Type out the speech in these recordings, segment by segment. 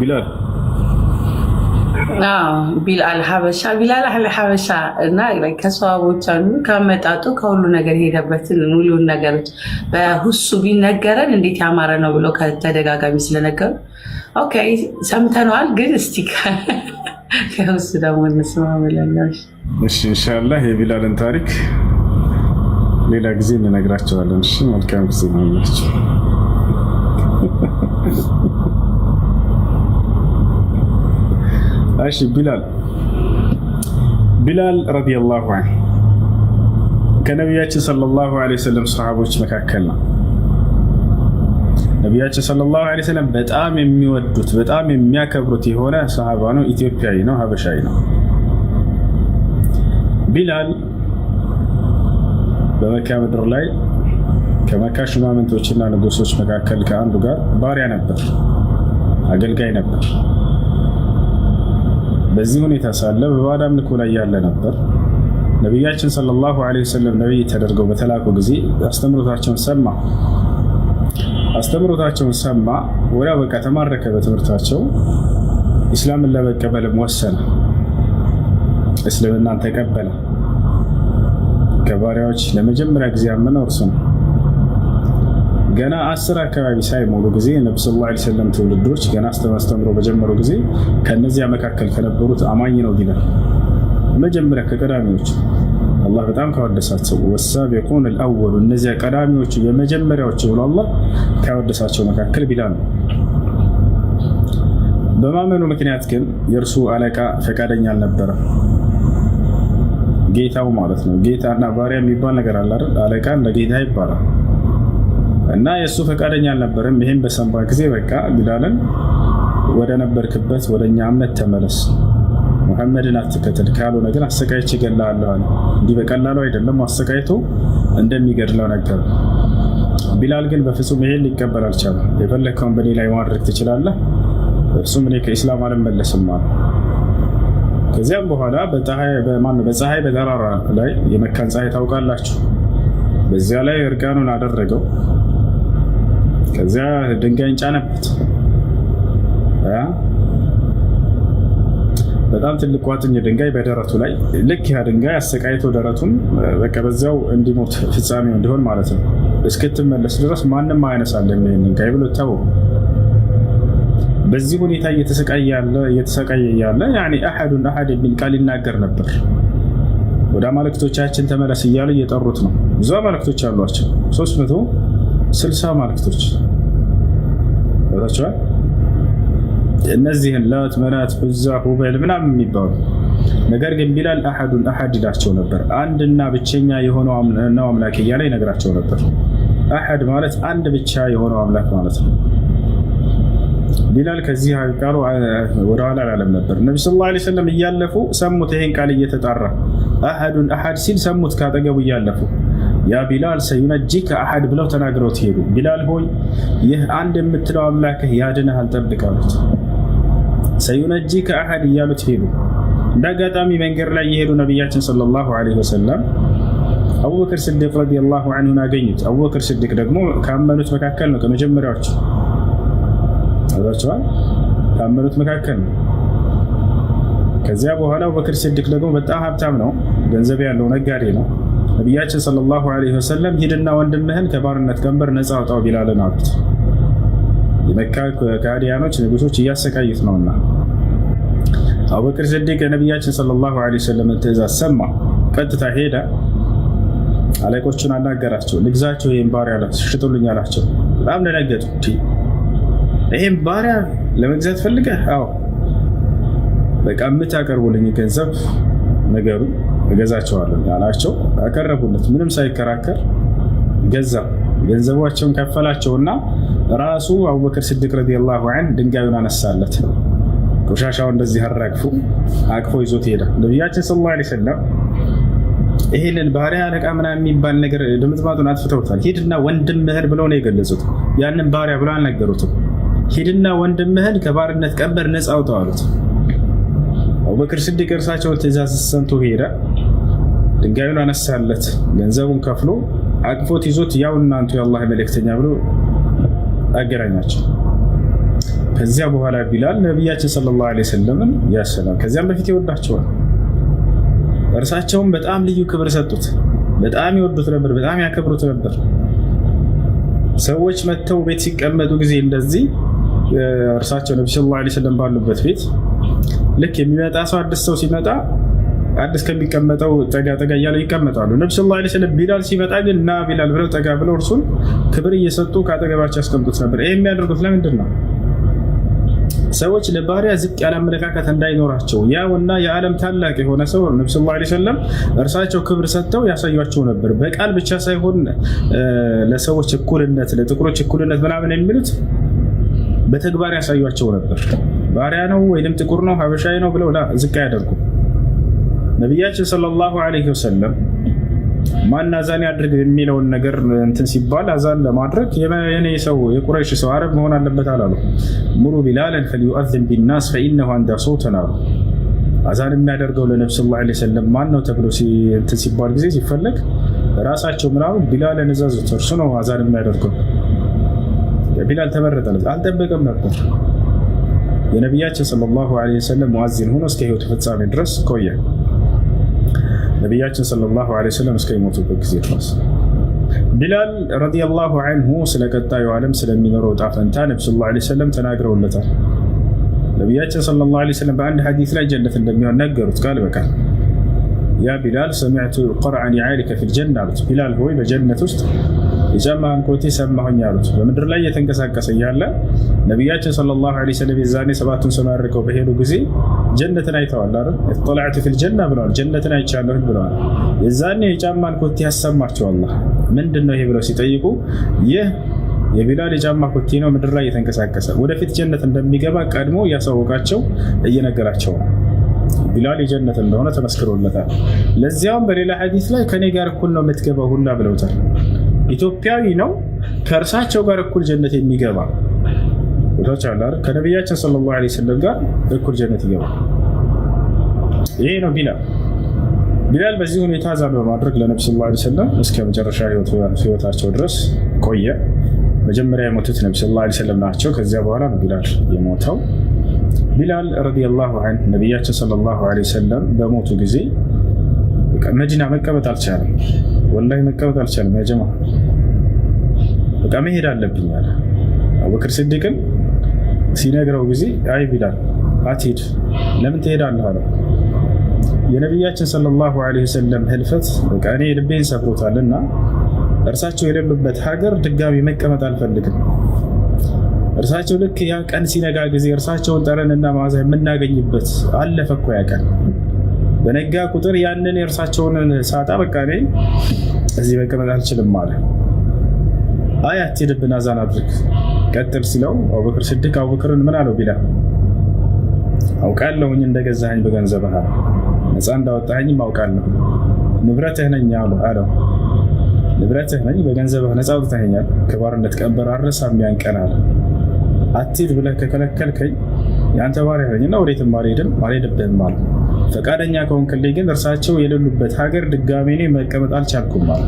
Bilal ቢልአል ሐበሻ ቢልአል ሐበሻ እና ከሰዋቦች አንዱ ከመጣጡ ከሁሉ ነገር የሄደበትን ሙሉውን ነገሮች በሁሱ ቢነገረን እንዴት ያማረ ነው ብሎ ከተደጋጋሚ ስለነገሩ ኦኬ ሰምተነዋል። ግን እስቲ ከሁሱ ደግሞ እንስማ ብለናል። እሺ ኢንሻላህ የቢላልን ታሪክ ሌላ ጊዜ እንነግራቸዋለን። እሺ መልካም ጊዜ ነው ያላቸው። እሺ ቢላል ቢላል ረዲየላሁ አንሁ ከነቢያችን ሰለላሁ ዐለይሂ ወሰለም ሰሃቦች መካከል ነው። ነቢያችን ሰለላሁ ዐለይሂ ወሰለም በጣም የሚወዱት በጣም የሚያከብሩት የሆነ ሰሃባ ነው። ኢትዮጵያዊ ነው፣ ሀበሻዊ ነው። ቢላል በመካ ምድር ላይ ከመካ ሽማምንቶችና ንጉሶች መካከል ከአንዱ ጋር ባሪያ ነበር፣ አገልጋይ ነበር። በዚህ ሁኔታ ሳለ በባዕድ አምልኮ ላይ ያለ ነበር። ነቢያችን ሰለላሁ ዐለይሂ ወሰለም ነቢይ ተደርገው በተላኩ ጊዜ አስተምሮታቸውን ሰማ አስተምሮታቸውን ሰማ። ወዲያው በቃ ተማረከ በትምህርታቸው። ኢስላምን ለመቀበልም ወሰነ። እስልምናን ተቀበለ። ከባሪያዎች ለመጀመሪያ ጊዜ ያመነው እርሱ ነው። ገና አስር አካባቢ ሳይሞሉ ጊዜ ነቢ ስ ላ ሰለም ትውልዶች ገና አስተማስተምሮ በጀመሩ ጊዜ ከነዚያ መካከል ከነበሩት አማኝ ነው ቢላል መጀመሪያ ከቀዳሚዎች አላህ በጣም ካወደሳቸው ወሳቢቁን አልአወሉ እነዚያ ቀዳሚዎቹ የመጀመሪያዎች ብሎ አላህ ካወደሳቸው መካከል ቢላል ነው። በማመኑ ምክንያት ግን የእርሱ አለቃ ፈቃደኛ አልነበረም። ጌታው ማለት ነው። ጌታና ባሪያ የሚባል ነገር አለ። አለቃ ለጌታ ይባላል። እና የእሱ ፈቃደኛ አልነበርም። ይህም በሰንባ ጊዜ በቃ ግዳለን ወደ ነበርክበት ወደ እኛ እምነት ተመለስ፣ መሐመድን አትከተል፣ ካልሆነ ግን አሰቃይቼ እገላለሁ አለ። እንዲህ በቀላሉ አይደለም አሰቃይቶ እንደሚገድለው ነገር ቢላል ግን በፍጹም ይሄን ሊቀበል አልቻለም። የፈለግከውን በእኔ ላይ ማድረግ ትችላለህ፣ እሱም እኔ ከኢስላም አልመለስም አለ። ከዚያም በኋላ በፀሐይ በተራራ ላይ የመካን ፀሐይ ታውቃላችሁ። በዚያ ላይ እርቃኑን አደረገው። ከዚያ ድንጋይን ጫነበት። በጣም ትልቅ ቋጥኝ ድንጋይ በደረቱ ላይ ልክ ያ ድንጋይ አሰቃይቶ ደረቱን በቃ በዚያው እንዲሞት ፍጻሜው እንዲሆን ማለት ነው። እስክትመለስ ድረስ ማንም አያነሳለም ይህን ድንጋይ ብሎ ተው። በዚህ ሁኔታ እየተሰቃየ ያለ ያኔ አሐዱን አሐድ የሚል ቃል ይናገር ነበር። ወደ አማልክቶቻችን ተመለስ እያሉ እየጠሩት ነው። ብዙ አማልክቶች አሏቸው ሶስት መቶ ስልሳ ማልክቶች ታቸዋል። እነዚህን ላት፣ መናት፣ ብዛ ሁበል ምናምን የሚባሉ ነገር ግን ቢላል አሐዱን አሐድ ይላቸው ነበር። አንድና ብቸኛ የሆነው ነው አምላክ እያለ ይነግራቸው ነበር። አሐድ ማለት አንድ ብቻ የሆነው አምላክ ማለት ነው። ቢላል ከዚህ ቃሉ ወደኋላ አላለም ነበር። ነቢ ስ ላ ሰለም እያለፉ ሰሙት። ይሄን ቃል እየተጣራ አሐዱን አሐድ ሲል ሰሙት፣ ካጠገቡ እያለፉ ያ ቢላል ሰዩነጂከ አሐድ ብለው ተናግረውት ሄዱ። ቢላል ሆይ ይህ አንድ የምትለው አምላክህ ያድንሃል፣ ጠብቅ አሉት። ሰዩነጂከ አሐድ እያሉት ሄዱ። እንደ አጋጣሚ መንገድ ላይ የሄዱ ነቢያችን ሰለላሁ ዐለይሂ ወሰለም አቡበክር ስድቅ ረዲየላሁ ዐንሁን አገኙት። አቡበክር ስድቅ ደግሞ ካመኑት መካከል ነው፣ ከመጀመሪያዎች አሏቸዋል። ካመኑት መካከል ነው። ከዚያ በኋላ አቡበክር ስድቅ ደግሞ በጣም ሀብታም ነው፣ ገንዘብ ያለው ነጋዴ ነው። ነቢያችን ሰለላሁ ዓለይሂ ወሰለም ሂድና ወንድምህን ከባርነት ቀንበር ነፃ አውጣው ቢላልን አሉት። የመካ ከሃዲያኖች ንጉሶች እያሰቃዩት ነውና አቡበክር ስዲቅ የነቢያችን ሰለላሁ ዓለይሂ ወሰለምን ትእዛዝ ሰማ። ቀጥታ ሄደ። አለቆቹን አናገራቸው። ልግዛቸው ይህም ባሪያ ሽጡልኝ አላቸው። በጣም ደነገጡ። ይህም ባሪያ ለመግዛት ፈልገህ? አዎ በቃ የምታቀርቡልኝ ገንዘብ ነገሩ እገዛቸዋለሁ አላቸው። አቀረቡለት። ምንም ሳይከራከር ገዛ። ገንዘባቸውን ከፈላቸውና ራሱ አቡበክር ስድቅ ረዲየላሁ ዐንሁ ድንጋዩን አነሳለት። ቆሻሻው እንደዚህ አራግፎ አቅፎ ይዞት ሄደ። ነቢያችን ሰለላሁ ዐለይሂ ወሰለም ይሄንን ባህሪያ አለቃ ምናምን የሚባል ነገር ድምጥማጡን አጥፍተውታል። ሂድና ወንድምህን ብለው ነው የገለጹት። ያንን ባህሪያ ብለ አልነገሩትም። ሂድና ወንድምህን ከባርነት ቀንበር ነፃ አውጣው አሉት። አቡበክር ስዲቅ እርሳቸውን ትእዛዝ ሰምቶ ሄደ። ድንጋዩን አነሳለት፣ ገንዘቡን ከፍሎ አቅፎት ይዞት ያው እናንቱ የአላህ መልእክተኛ ብሎ አገናኛቸው። ከዚያ በኋላ ቢላል ነቢያችን ሰለላሁ ዓለይሂ ወሰለምን ያሰላም ከዚያም በፊት ይወዳቸዋል። እርሳቸውም በጣም ልዩ ክብር ሰጡት። በጣም ይወዱት ነበር፣ በጣም ያከብሩት ነበር። ሰዎች መጥተው ቤት ሲቀመጡ ጊዜ እንደዚህ እርሳቸው ነቢ ሰለላሁ ዐለይሂ ወሰለም ባሉበት ቤት ልክ የሚመጣ ሰው አዲስ ሰው ሲመጣ አዲስ ከሚቀመጠው ጠጋ ጠጋ እያለው ይቀመጣሉ። ነቢ ሰለላሁ ዐለይሂ ወሰለም ቢላል ሲመጣ ግን ና ቢላል ብለው ጠጋ ብለው እርሱን ክብር እየሰጡ ከአጠገባቸው ያስቀምጡት ነበር። ይህ የሚያደርጉት ለምንድን ነው? ሰዎች ለባህሪያ ዝቅ ያለ አመለካከት እንዳይኖራቸው ያውና የዓለም ታላቅ የሆነ ሰው ነቢ ስ ላ ሰለም እርሳቸው ክብር ሰጥተው ያሳያቸው ነበር። በቃል ብቻ ሳይሆን ለሰዎች እኩልነት፣ ለጥቁሮች እኩልነት ምናምን የሚሉት በተግባር ያሳዩቸው ነበር። ባሪያ ነው ወይም ጥቁር ነው ሀበሻዊ ነው ብለው ዝቅ ያደርጉ ነቢያችን ሰለላሁ አለይሂ ወሰለም ማን አዛን ያድርግ የሚለውን ነገር እንትን ሲባል አዛን ለማድረግ የኔ ሰው የቁረይሽ ሰው አረብ መሆን አለበት አላሉ። ሙሩ ቢላለን ፈሊዩአዝን ቢናስ ፈኢነሁ አንዳ ሶውተን አሉ። አዛን የሚያደርገው ለነብስ ላ ሰለም ማን ነው ተብሎ እንትን ሲባል ጊዜ ሲፈለግ ራሳቸው ምናምን ቢላለን እዛዙት እርሱ ነው አዛን የሚያደርገው ቢላል ተመረጠለት። አልጠበቀም ነበር። የነቢያችን ሰለላሁ ዐለይሂ ወሰለም ሙዓዚን ሆኖ እስከ ህይወቱ ፍጻሜ ድረስ ቆየ። ነቢያችን ሰለላሁ ዐለይሂ ወሰለም እስከሚሞቱበት ጊዜ ድረስ ቢላል ረዲየላሁ ዐንሁ ስለ ቀጣዩ ዓለም ስለሚኖረው ዕጣ ፈንታ ነቢ ሰለላሁ ዐለይሂ ወሰለም ተናግረውለታል። ነቢያችን ሰለላሁ ዐለይሂ ወሰለም በአንድ ሐዲስ ላይ ጀነት እንደሚሆን ነገሩት ቃል በቃል። ያ ቢላል ሰሚዕቱ ቀርዐ ኒዓሊከ ፊል ጀና አሉት። ቢላል ሆይ በጀነት ውስጥ የጫማ አንኮቴ ሰማሁኝ አሉት። በምድር ላይ እየተንቀሳቀሰ እያለ ነቢያችን ሰለላሁ ዐለይሂ ወሰለም የዛኔ ሰባቱን ሰማይ በሄዱ ጊዜ ጀነትን አይተዋል አይደል? ኢጥለዐቱ ፊል ጀና ብለዋል። ጀነትን አይቻለሁ ብለዋል። የዛኔ የጫማ አንኮቴ ያሰማቸው አላህ ምንድን ነው ይሄ ብለው ሲጠይቁ ይህ የቢላል የጫማ ኮቴ ነው፣ ምድር ላይ እየተንቀሳቀሰ ወደፊት ጀነት እንደሚገባ ቀድሞ እያሳወቃቸው እየነገራቸው ነው። ቢላል የጀነት እንደሆነ ተመስክሮለታል። ለዚያውም በሌላ ሐዲስ ላይ ከኔ ጋር እኩል ነው የምትገባ ሁላ ብለውታል። ኢትዮጵያዊ ነው። ከእርሳቸው ጋር እኩል ጀነት የሚገባ ቻላር ከነቢያችን ሰለላሁ ዐለይሂ ወሰለም ጋር እኩል ጀነት ይገባል። ይሄ ነው ቢላል። ቢላል በዚህ ሁኔታ ዛን በማድረግ ለነቢ ሰለላሁ ዐለይሂ እስከ መጨረሻ ህይወታቸው ድረስ ቆየ። መጀመሪያ የሞቱት ነቢ ሰለላሁ ዐለይሂ ናቸው። ከዚያ በኋላ ነው ቢላል የሞተው። ቢላል ረዲየላሁ ዐንሁ ነቢያችን ሰለላሁ ዐለይሂ ወሰለም በሞቱ ጊዜ መዲና መቀመጥ አልቻለም። ወላሂ መቀመጥ አልቻልም። ያጀማ በቃ መሄድ አለብኝ አለ። አቡበክር ስዲቅን ሲነግረው ጊዜ አይ ቢላል አትሄድ፣ ለምን ትሄዳለህ አለው። የነቢያችን ሰለላሁ ዐለይሂ ወሰለም ህልፈት በቃ እኔ ልቤን ሰብሮታል እና እርሳቸው የሌሉበት ሀገር ድጋሚ መቀመጥ አልፈልግም። እርሳቸው ልክ ያ ቀን ሲነጋ ጊዜ እርሳቸውን ጠረንና መዓዛ የምናገኝበት አለፈ እኮ ያ ቀን በነጋ ቁጥር ያንን የእርሳቸውን ሳጣ በቃ እኔ እዚህ መቀመጥ አልችልም አለ። አይ አትሄድብን፣ አዛን አድርግ ቀጥል ሲለው አቡበክር ስድቅ አቡበክርን ምን አለው ቢላል አውቃለሁኝ እንደገዛኸኝ በገንዘብህ ነፃ እንዳወጣኸኝም አውቃለሁ ንብረትህ ነኝ አለው። ንብረትህ ነኝ በገንዘብህ ነፃ አውጥተኸኛል፣ ከባርነት ቀንበር አረሳም ያንቀን አለ። አትሄድ ብለህ ከከለከልከኝ የአንተ ባሪያ ነኝና ወዴትም አልሄድም አልሄድብህም አለ። ፈቃደኛ ከሆንክልኝ ግን እርሳቸው የሌሉበት ሀገር ድጋሜ እኔ መቀመጥ አልቻልኩም አለ።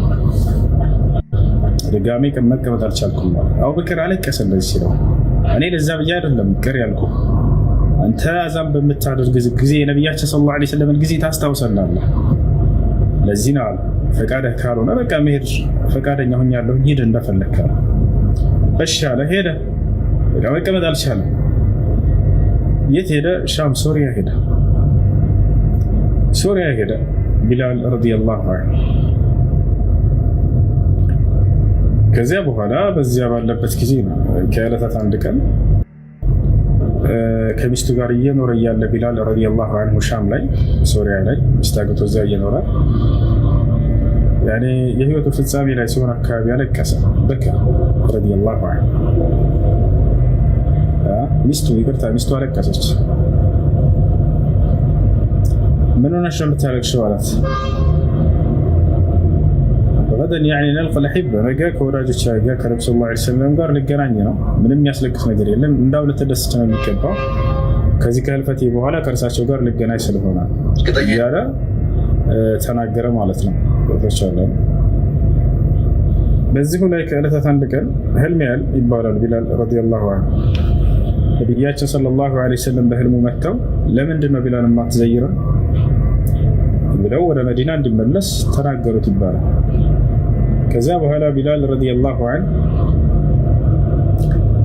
ድጋሜ መቀመጥ አልቻልኩም አለ። አቡበክር አለቀሰ እንደዚህ ሲለው፣ እኔ ለዛ ብዬ አይደለም ቅር ያልኩ አንተ አዛም በምታደርግ ጊዜ የነቢያቸው ሰለላሁ ዓለይሂ ወሰለምን ጊዜ ታስታውሰናለህ። ለዚህ ነው አለ ፈቃደህ ካልሆነ በቃ መሄድ ፈቃደኛ ሆኛለሁ፣ ሂድ እንደፈለግህ አለ። እሺ አለ። ሄደ። በቃ መቀመጥ አልቻለም። የት ሄደ? ሻም ሶሪያ ሄደ። ሶሪያ ሄደ ቢላል ረዲየላሁ አንሁ። ከዚያ በኋላ በዚያ ባለበት ጊዜ ነው ከዕለታት አንድ ቀን ከሚስቱ ጋር እየኖረ እያለ ቢላል ረዲየላሁ አንሁ ሻም ላይ ሶሪያ ላይ ሚስት አግብቶ እዚያ እየኖረ ያኔ የህይወቱ ፍጻሜ ላይ ሲሆን አካባቢ ያለቀሰ በከ ረዲየላሁ አንሁ ሚስቱ ይቅርታ ሚስቱ አለቀሰች። ምን ሆነሽ ነው የምታለቅሽው? አላት። በገደን ያኔ ነልቅ ለሒብ ነገ ከወዳጆች ጋር ከነቢ ስ ላ ሰለም ጋር ልገናኝ ነው። ምንም የሚያስለቅስ ነገር የለም። እንዳው ልትደስች ነው የሚገባው። ከዚህ ከህልፈቴ በኋላ ከእርሳቸው ጋር ልገናኝ ስለሆነ እያለ ተናገረ ማለት ነው። ቻለ በዚሁ ላይ ከዕለታት አንድ ቀን ህልም ያል ይባላል ቢላል ረዲየላሁ አንሁ ነቢያችን ሰለላሁ ዐለይሂ ወሰለም በህልሙ መጥተው ለምንድን ነው ቢላል የማትዘይረን ብለው ወደ መዲና እንዲመለስ ተናገሩት ይባላል። ከዚያ በኋላ ቢላል ረዲየላሁ አንሁ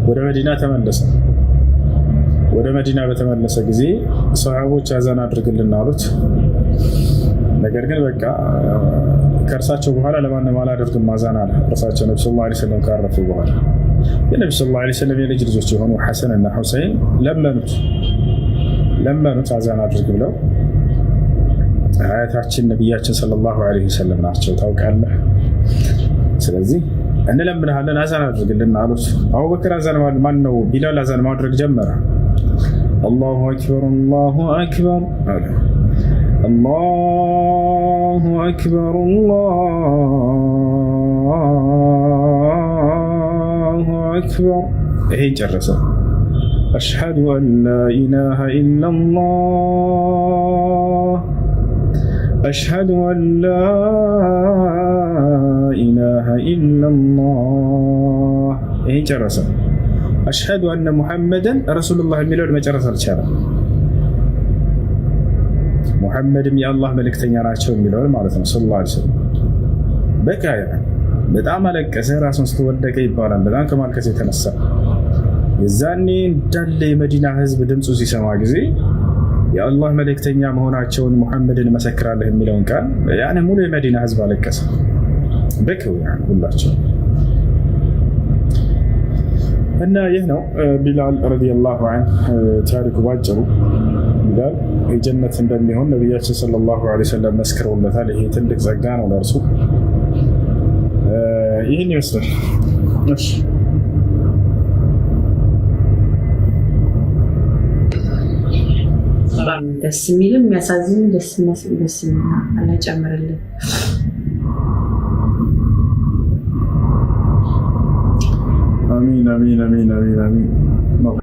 ወደ መዲና ተመለሰ። ወደ መዲና በተመለሰ ጊዜ ሰሃቦች አዛን አድርግልን አሉት። ነገር ግን በቃ ከእርሳቸው በኋላ ለማንም አላደርግም አዛን አለ። እርሳቸው ነቢ ስለ ላ ሰለም ካረፉ በኋላ የነቢ ስለ ላ ሰለም የልጅ ልጆች የሆኑ ሐሰን እና ሁሰይን ለመኑት ለመኑት አዛን አድርግ ብለው አያታችን ነቢያችን ሰለላሁ ዐለይሂ ወሰለም ናቸው። ታውቃለህ። ስለዚህ እንለምንሃለን አዛን አድርግልን አሉት። አቡበክር አዛን ማን ነው? ቢላል አዛን ማድረግ ጀመረ። አላሁ አክበር አላሁ አክበር አለ። አላሁ አክበር አላሁ አክበር። ይሄ ጨረሰ። አሽሀዱ አን ላ ኢላሃ ኢላ أشهد أن لا إله إلا الله ጨረሰ። አሽሀዱ አነ ሙሐመደን ረሱሉላህ የሚለውን መጨረስ አልቻለም። ሙሐመድም የአላህ መልእክተኛ ናቸው የሚለውን ማለት ነው። ስለ ላ ስለም በቃ በጣም አለቀሰ። ራሱን ስትወደቀ ይባላል። በጣም ከማልቀስ የተነሳ የዛኔ እንዳለ የመዲና ህዝብ ድምፁ ሲሰማ ጊዜ የአላህ መልእክተኛ መሆናቸውን ሙሐመድን መሰክራለህ የሚለውን ቃል ያኔ ሙሉ የመዲና ህዝብ አለቀሰ። በክው ሁላቸው እና ይህ ነው ቢላል ረዲየላሁ አንሁ ታሪኩ ባጭሩ። ቢላል የጀነት እንደሚሆን ነቢያችን ሰለላሁ ዐለይሂ ወሰለም መስክረውለታል። ይሄ ትልቅ ጸጋ ነው ለእርሱ። ይህን ይመስላል። ደስ የሚልም የሚያሳዝንም ደስ ደስ የሚል አላህ ይጨምርልን። አሚን አሚን አሚን አሚን አሚን